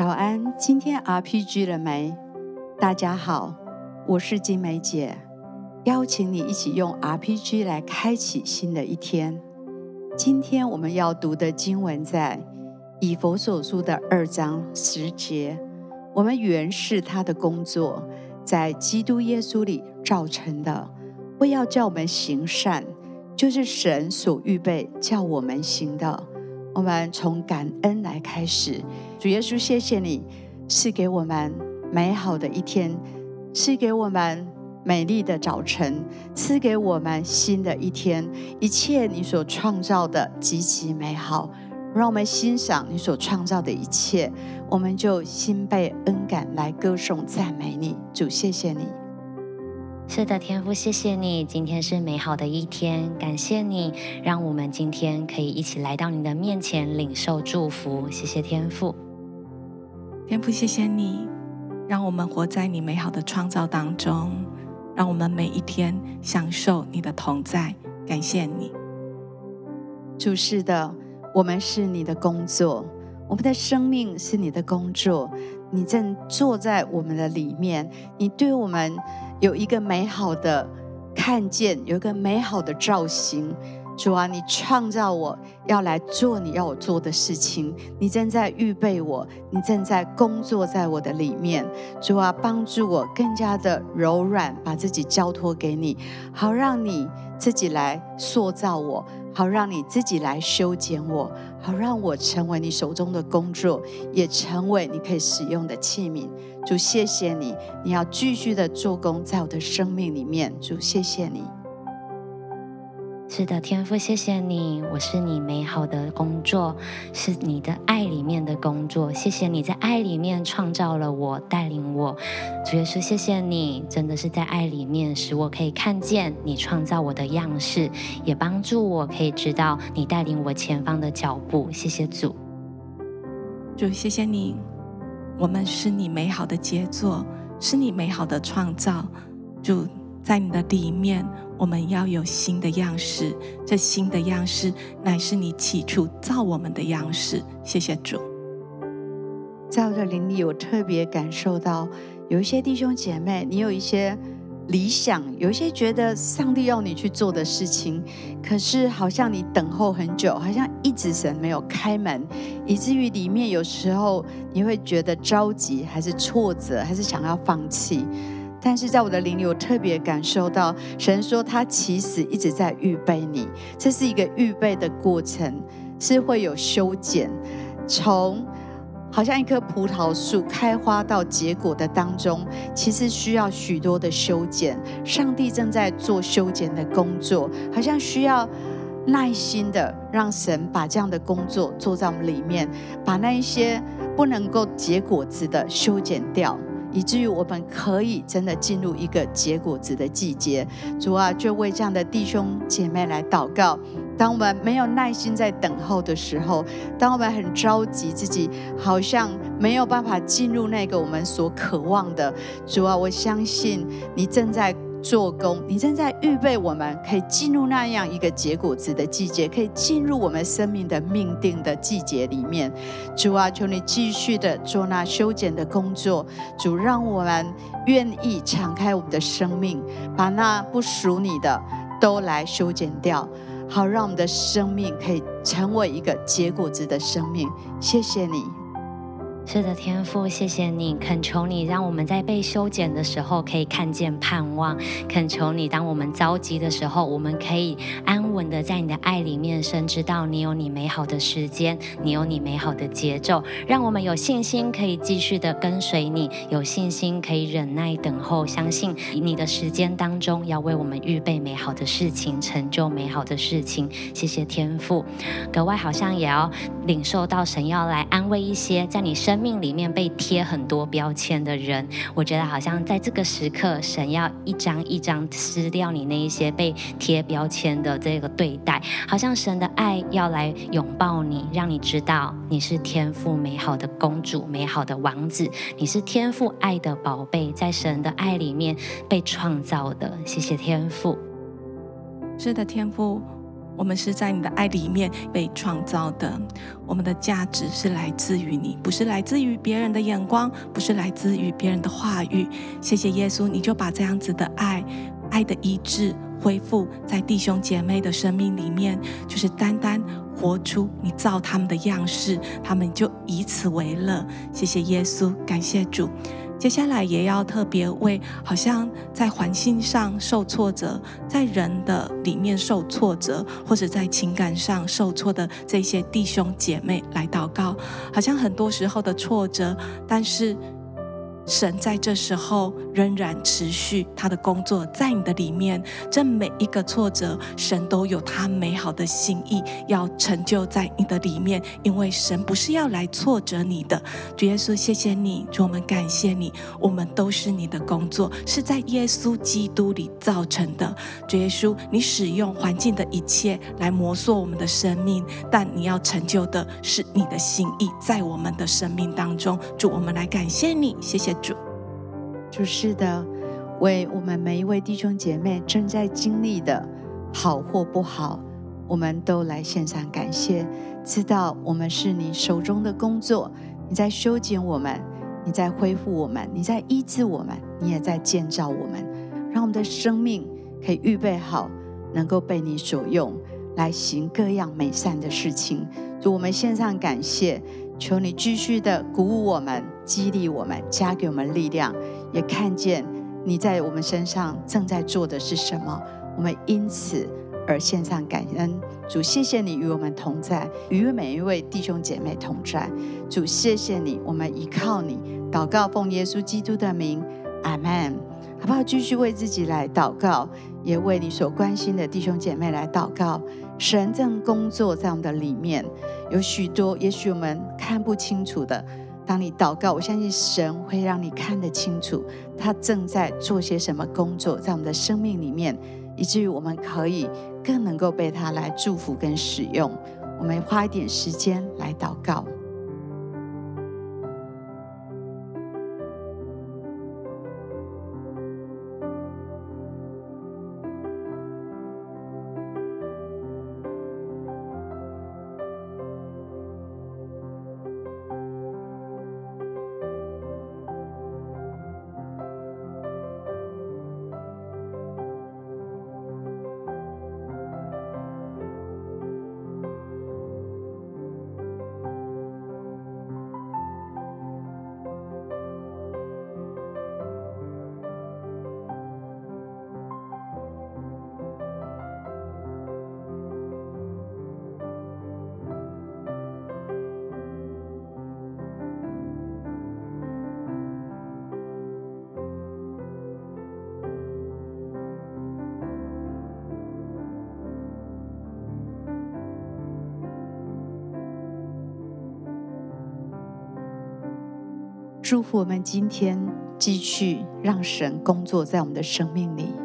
早安，今天 RPG 了沒？大家好，我是晶玫姊，邀請你一起用 RPG 來開啟新的一天。今天我們要讀的經文在以弗所書的二章十節。我們原是他的工作，在基督耶穌裡造成的。為要叫我們行善，就是神所預備叫我們行的。我們從感恩來開始，主耶穌，謝謝你賜給我們美好的一天，賜給我們美麗的早晨，賜給我們新的一天，一切你所創造的極其美好，讓我們欣賞你所創造的一切，我們就心被恩感來歌頌讚美你，主，謝謝你。是的，天父。謝謝你，今天是美好的一天，感謝你讓我們今天可以一起來到你的面前領受祝福。謝謝天父，天父，謝謝你讓我們活在你美好的創造當中，讓我們每一天享受你的同在，感謝你。主，是的，我們是你的工作，我們的生命是你的工作。你正坐在我們的裡面，你對我們有一個美好的看見，有一個美好的造型。主啊，你創造我要來做你要我做的事情，你正在預備我，你正在工作在我的裡面。主啊，幫助我更加的柔軟，把自己交托給你，好讓你自己來塑造我。好讓你自己來修剪我，好讓我成為你手中的工作，也成為你可以使用的器皿。主，謝謝你，你要繼續的做工在我的生命裡面。主，謝謝你。是的，天父，謝謝你。我是你美好的工作，是你的愛裡面的工作。謝謝你在愛裡面創造了我，帶領我。主耶穌，謝謝你，真的是在愛裡面，使我可以看見你創造我的樣式，也幫助我可以知道你帶領我前方的腳步。謝謝主，主謝謝你，我們是你美好的傑作，是你美好的創造。就在你的裡面。我們要有新的樣式，這新的樣式乃是你起初造我們的樣式。謝謝主，在我的靈裡，我特別感受到有一些弟兄姐妹，你有一些理想，有一些覺得上帝要你去做的事情，可是好像你等候很久，好像一直神沒有開門，以至於裡面有時候你會覺得着急，還是挫折，還是想要放棄。但是在我的靈裡，我特別感受到神說，他其實一直在預備你。這是一個預備的過程，是會有修剪。從好像一棵葡萄樹開花到結果的當中，其實需要許多的修剪。上帝正在做修剪的工作，好像需要耐心的讓神把這樣的工作做在我們裡面，把那一些不能夠結果子的修剪掉。以至於我們可以真的進入一個結果子的季節，主啊，就為這樣的弟兄姐妹來禱告。當我們沒有耐心在等候的時候，當我們很着急，自己好像沒有辦法進入那個我們所渴望的，主啊，我相信你正在。做工，你正在預備我們，可以進入那樣一個結果子的季節，可以進入我們生命的命定的季節裡面。主啊，求你繼續的做那修剪的工作。主，讓我們願意敞開我們的生命，把那不屬你的都來修剪掉，好讓我們的生命可以成為一個結果子的生命。謝謝你。是的，天父，謝謝你。懇求你，讓我們在被修剪的時候可以看見盼望。懇求你，當我們着急的時候，我們可以安。穩的在你的愛裡面，深知道你有你美好的時間，你有你美好的節奏，讓我們有信心可以繼續的跟隨你，有信心可以忍耐等候，相信你的時間當中要為我們預備美好的事情，成就美好的事情。謝謝天父，格外好像也要領受到神要來安慰一些在你生命裡面被貼很多標籤的人。我覺得好像在這個時刻，神要一張一張撕掉你那一些被貼標籤的這個。個對待，好像神的愛要來擁抱你，讓你知道你是天父美好的公主，美好的王子，你是天父愛的寶貝，在神的愛裡面被創造的。謝謝天父，是的天父，我們是在你的愛裡面被創造的，我們的價值是來自於你，不是來自於別人的眼光，不是來自於別人的話語。謝謝耶穌，你就把這樣子的愛，愛的醫治，恢復在弟兄姐妹的生命裡面，就是單單活出你造他們的樣式，他們就以此為樂。謝謝耶穌，感謝主。接下來也要特別為好像在環境上受挫折，在人的裡面受挫折，或者在情感上受挫的這些弟兄姐妹來禱告。好像很多時候的挫折，但是。神在這時候仍然持續他的工作，在你的裡面，這每一個挫折，神都有他美好的心意要成就在你的裡面，因為神不是要來挫折你的。主耶穌，謝謝你，主，我們感謝你，我們都是你的工作，是在耶穌基督裡造成的。主耶穌，你使用環境的一切來摩挲我們的生命，但你要成就的是你的心意在我們的生命當中。主，我們來感謝你，謝謝。主，主是的，為我們每一位弟兄姐妹正在經歷的好或不好，我們都來獻上感謝。知道我們是你手中的工作，你在修剪我們，你在恢復我們，你在醫治我們，你也在建造我們，讓我們的生命可以預備好，能夠被你所用，來行各樣美善的事情。主，我們獻上感謝，求你繼續的鼓舞我們。激勵我們，加給我們力量，也看見你在我們身上正在做的是什麼。我們因此而獻上感恩，主，謝謝你與我們同在，與每一位弟兄姐妹同在。主，謝謝你，我們依靠你。禱告，奉耶穌基督的名，阿門。好不好？繼續為自己來禱告，也為你所關心的弟兄姐妹來禱告。神正工作在我們的裡面，有許多，也許我們看不清楚的。當你禱告，我相信神會讓你看得清楚，他正在做些什麼工作，在我們的生命裡面，以至於我們可以更能夠被他來祝福跟使用。我們花一點時間來禱告。祝福我們今天繼續讓神工作在我們的生命裡。